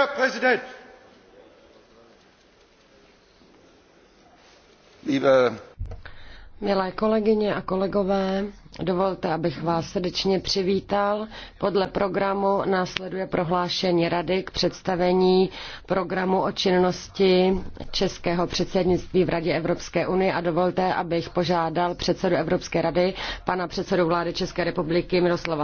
Herr Präsident! Liebe Milé kolegyně a kolegové, dovolte, abych vás srdečně přivítal. Podle programu následuje prohlášení Rady k představení programu o činnosti Českého předsednictví v Radě Evropské unie a dovolte, abych požádal předsedu Evropské rady, pana předsedu vlády České republiky Miroslava